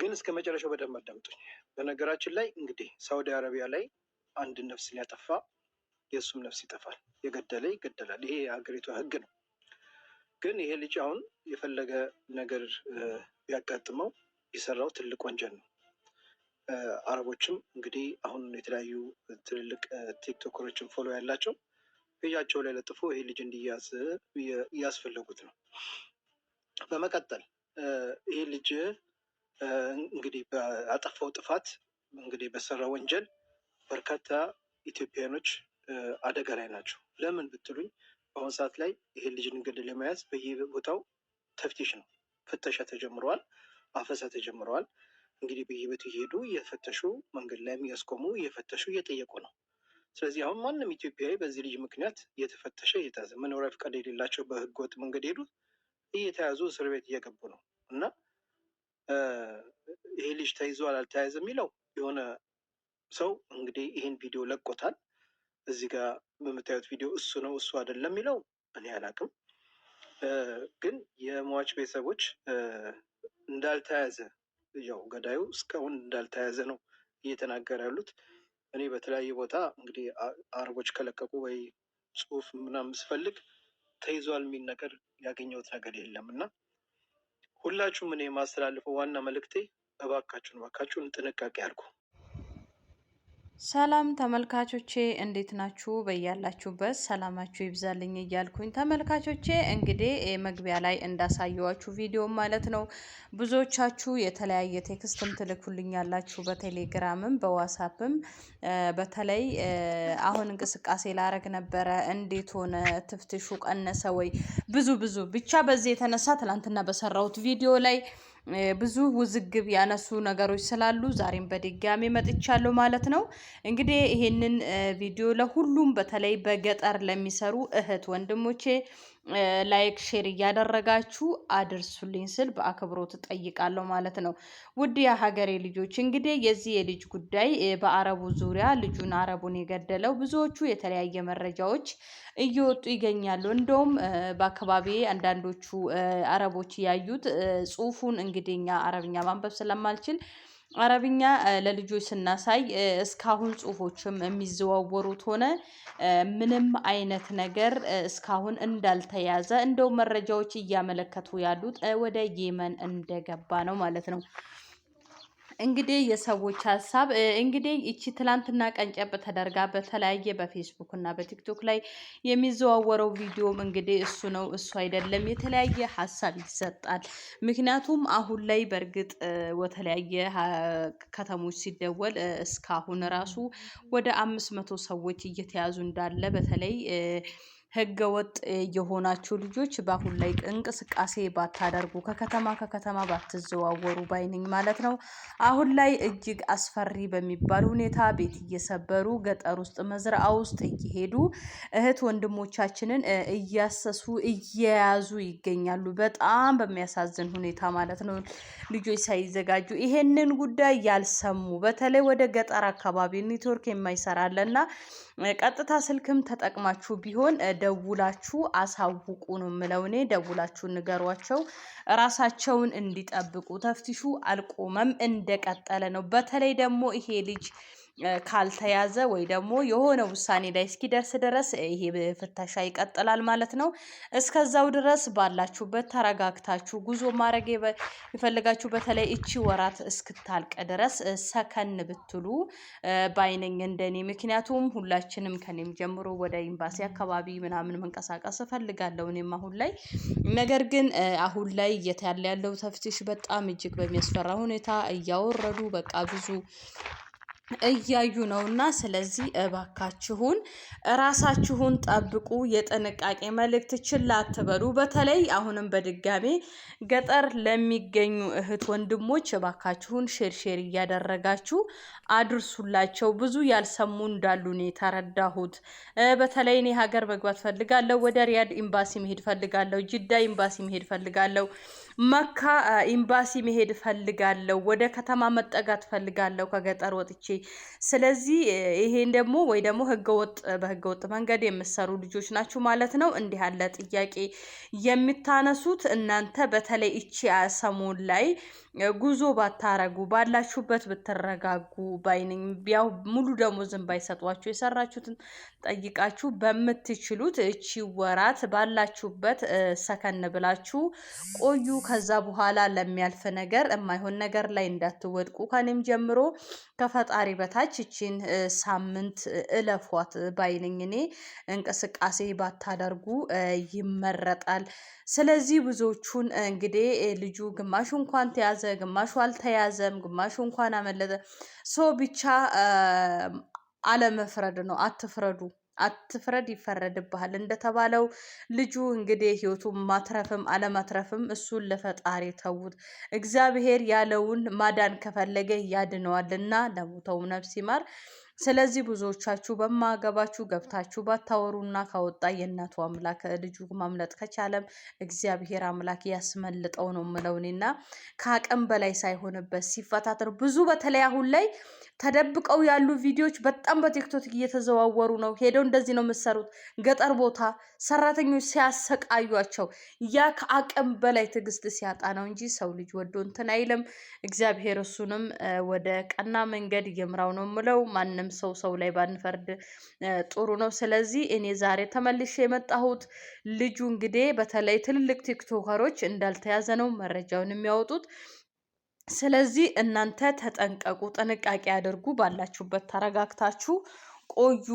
ግን እስከ መጨረሻው በደንብ አዳምጡኝ። በነገራችን ላይ እንግዲህ ሳውዲ አረቢያ ላይ አንድ ነፍስን ያጠፋ የእሱም ነፍስ ይጠፋል፣ የገደለ ይገደላል። ይሄ የሀገሪቷ ህግ ነው። ግን ይሄ ልጅ አሁን የፈለገ ነገር ቢያጋጥመው የሰራው ትልቅ ወንጀል ነው። አረቦችም እንግዲህ አሁን የተለያዩ ትልልቅ ቲክቶከሮችን ፎሎ ያላቸው ፔጃቸው ላይ ለጥፎ ይሄ ልጅ እንዲያዝ እያስፈለጉት ነው። በመቀጠል ይሄ ልጅ እንግዲህ በአጠፋው ጥፋት እንግዲህ በሰራ ወንጀል በርካታ ኢትዮጵያኖች አደጋ ላይ ናቸው። ለምን ብትሉኝ በአሁኑ ሰዓት ላይ ይሄን ልጅ እንግዲህ ለመያዝ በየቦታው ተፍቲሽ ነው፣ ፍተሻ ተጀምረዋል፣ አፈሳ ተጀምረዋል። እንግዲህ በየቤቱ እየሄዱ እየፈተሹ መንገድ ላይ እያስቆሙ እየፈተሹ እየጠየቁ ነው። ስለዚህ አሁን ማንም ኢትዮጵያዊ በዚህ ልጅ ምክንያት እየተፈተሸ እየተያዘ መኖሪያ ፍቃድ የሌላቸው በህገወጥ መንገድ ሄዱ እየተያዙ እስር ቤት እየገቡ ነው እና ይሄ ልጅ ተይዟል አልተያዘ የሚለው የሆነ ሰው እንግዲህ ይህን ቪዲዮ ለቆታል። እዚህ ጋር በምታዩት ቪዲዮ እሱ ነው እሱ አይደለም የሚለው እኔ አላቅም። ግን የሟች ቤተሰቦች እንዳልተያዘ ያው ገዳዩ እስካሁን እንዳልተያዘ ነው እየተናገረ ያሉት። እኔ በተለያየ ቦታ እንግዲህ አረቦች ከለቀቁ ወይ ጽሁፍ ምናምን ስፈልግ ተይዟል የሚል ነገር ያገኘሁት ነገር የለም እና ሁላችሁም እኔ የማስተላልፈው ዋና መልእክቴ እባካችሁን እባካችሁን ጥንቃቄ አድርጉ። ሰላም ተመልካቾቼ እንዴት ናችሁ? በያላችሁበት ሰላማችሁ ይብዛልኝ እያልኩኝ ተመልካቾቼ እንግዲህ መግቢያ ላይ እንዳሳየዋችሁ ቪዲዮ ማለት ነው። ብዙዎቻችሁ የተለያየ ቴክስትም ትልኩልኝ ያላችሁ በቴሌግራምም በዋሳፕም በተለይ አሁን እንቅስቃሴ ላረግ ነበረ እንዴት ሆነ ትፍትሹ ቀነሰ ወይ? ብዙ ብዙ ብቻ በዚህ የተነሳ ትላንትና በሰራሁት ቪዲዮ ላይ ብዙ ውዝግብ ያነሱ ነገሮች ስላሉ ዛሬም በድጋሚ መጥቻለሁ ማለት ነው። እንግዲህ ይሄንን ቪዲዮ ለሁሉም በተለይ በገጠር ለሚሰሩ እህት ወንድሞቼ ላይክ ሼር እያደረጋችሁ አድርሱልኝ ስል በአክብሮት ጠይቃለሁ ማለት ነው። ውድ የሀገሬ ልጆች እንግዲህ የዚህ የልጅ ጉዳይ በአረቡ ዙሪያ ልጁን አረቡን የገደለው ብዙዎቹ የተለያየ መረጃዎች እየወጡ ይገኛሉ። እንደውም በአካባቢ አንዳንዶቹ አረቦች ያዩት ጽሁፉን እንግዲህ እኛ አረብኛ ማንበብ ስለማልችል አረብኛ ለልጆች ስናሳይ እስካሁን ጽሁፎችም የሚዘዋወሩት ሆነ ምንም አይነት ነገር እስካሁን እንዳልተያዘ እንደው መረጃዎች እያመለከቱ ያሉት ወደ የመን እንደገባ ነው ማለት ነው። እንግዲህ የሰዎች ሀሳብ እንግዲህ ይቺ ትላንትና ቀንጨብ ተደርጋ በተለያየ በፌስቡክ እና በቲክቶክ ላይ የሚዘዋወረው ቪዲዮም እንግዲህ እሱ ነው እሱ አይደለም የተለያየ ሀሳብ ይሰጣል። ምክንያቱም አሁን ላይ በእርግጥ ወተለያየ ከተሞች ሲደወል እስካሁን ራሱ ወደ አምስት መቶ ሰዎች እየተያዙ እንዳለ በተለይ ህገ ወጥ የሆናችሁ ልጆች በአሁን ላይ እንቅስቃሴ ባታደርጉ ከከተማ ከከተማ ባትዘዋወሩ ባይንኝ ማለት ነው። አሁን ላይ እጅግ አስፈሪ በሚባል ሁኔታ ቤት እየሰበሩ ገጠር ውስጥ መዝራ ውስጥ እየሄዱ እህት ወንድሞቻችንን እያሰሱ እየያዙ ይገኛሉ። በጣም በሚያሳዝን ሁኔታ ማለት ነው። ልጆች ሳይዘጋጁ ይሄንን ጉዳይ ያልሰሙ በተለይ ወደ ገጠር አካባቢ ኔትወርክ የማይሰራለና ቀጥታ ስልክም ተጠቅማችሁ ቢሆን ደውላችሁ አሳውቁ ነው የምለው። እኔ ደውላችሁ ንገሯቸው፣ ራሳቸውን እንዲጠብቁ። ተፍትሹ አልቆመም እንደቀጠለ ነው። በተለይ ደግሞ ይሄ ልጅ ካልተያዘ ወይ ደግሞ የሆነ ውሳኔ ላይ እስኪደርስ ድረስ ይሄ ፍተሻ ይቀጥላል ማለት ነው። እስከዛው ድረስ ባላችሁበት ተረጋግታችሁ ጉዞ ማድረግ የፈለጋችሁ በተለይ እቺ ወራት እስክታልቅ ድረስ ሰከን ብትሉ ባይነኝ እንደኔ። ምክንያቱም ሁላችንም ከኔም ጀምሮ ወደ ኤምባሲ አካባቢ ምናምን መንቀሳቀስ እፈልጋለሁ እኔም አሁን ላይ ነገር ግን አሁን ላይ እየታለ ያለው ተፍትሽ በጣም እጅግ በሚያስፈራ ሁኔታ እያወረዱ በቃ ብዙ እያዩ እና ስለዚህ እባካችሁን እራሳችሁን ጠብቁ። የጥንቃቄ መልእክት ችላ አትበሉ። በተለይ አሁንም በድጋሜ ገጠር ለሚገኙ እህት ወንድሞች እባካችሁን ሼር ሼር እያደረጋችሁ አድርሱላቸው። ብዙ ያልሰሙ እንዳሉ ነው የተረዳሁት። በተለይ እኔ ሀገር መግባት ፈልጋለሁ፣ ወደ ሪያድ ኤምባሲ መሄድ ፈልጋለሁ፣ ጅዳ ኤምባሲ መሄድ ፈልጋለሁ መካ ኤምባሲ መሄድ ፈልጋለሁ፣ ወደ ከተማ መጠጋት ፈልጋለሁ ከገጠር ወጥቼ። ስለዚህ ይሄን ደግሞ ወይ ደግሞ ህገወጥ በህገወጥ መንገድ የምትሰሩ ልጆች ናችሁ ማለት ነው። እንዲህ ያለ ጥያቄ የምታነሱት እናንተ በተለይ እቺ ሰሞን ላይ ጉዞ ባታረጉ ባላችሁበት ብትረጋጉ ባይነኝ። ያው ሙሉ ደሞዝን ባይሰጧችሁ የሰራችሁትን ጠይቃችሁ በምትችሉት እቺ ወራት ባላችሁበት ሰከን ብላችሁ ቆዩ። ከዛ በኋላ ለሚያልፍ ነገር የማይሆን ነገር ላይ እንዳትወድቁ ከኔም ጀምሮ ከፈጣሪ በታች እቺን ሳምንት እለፏት ባይነኝ እኔ እንቅስቃሴ ባታደርጉ ይመረጣል። ስለዚህ ብዙዎቹን እንግዲህ ልጁ ግማሹ እንኳን ተያዘ፣ ግማሹ አልተያዘም፣ ግማሹ እንኳን አመለጠ። ሰው ብቻ አለመፍረድ ነው። አትፍረዱ። አትፍረድ ይፈረድብሃል እንደተባለው ልጁ እንግዲህ ህይወቱ ማትረፍም አለማትረፍም እሱን ለፈጣሪ ተዉት። እግዚአብሔር ያለውን ማዳን ከፈለገ ያድነዋልና ለሞተው ነፍስ ይማር። ስለዚህ ብዙዎቻችሁ በማገባችሁ ገብታችሁ ባታወሩና ካወጣ የእናቱ አምላክ ልጁ ማምለጥ ከቻለም እግዚአብሔር አምላክ ያስመልጠው ነው የምለው ከአቅም በላይ ሳይሆንበት ሲፈታተር ብዙ በተለይ አሁን ላይ ተደብቀው ያሉ ቪዲዮዎች በጣም በቲክቶክ እየተዘዋወሩ ነው። ሄደው እንደዚህ ነው የምሰሩት ገጠር ቦታ ሰራተኞች ሲያሰቃዩቸው ያ ከአቅም በላይ ትዕግስት ሲያጣ ነው እንጂ ሰው ልጅ ወዶ እንትን አይልም። እግዚአብሔር እሱንም ወደ ቀና መንገድ ይምራው ነው ምለው ማንም አይደለም። ሰው ሰው ላይ ባንፈርድ ጥሩ ነው። ስለዚህ እኔ ዛሬ ተመልሼ የመጣሁት ልጁ እንግዲህ በተለይ ትልልቅ ቲክቶከሮች እንዳልተያዘ ነው መረጃውን የሚያወጡት። ስለዚህ እናንተ ተጠንቀቁ፣ ጥንቃቄ አድርጉ። ባላችሁበት ተረጋግታችሁ ቆዩ።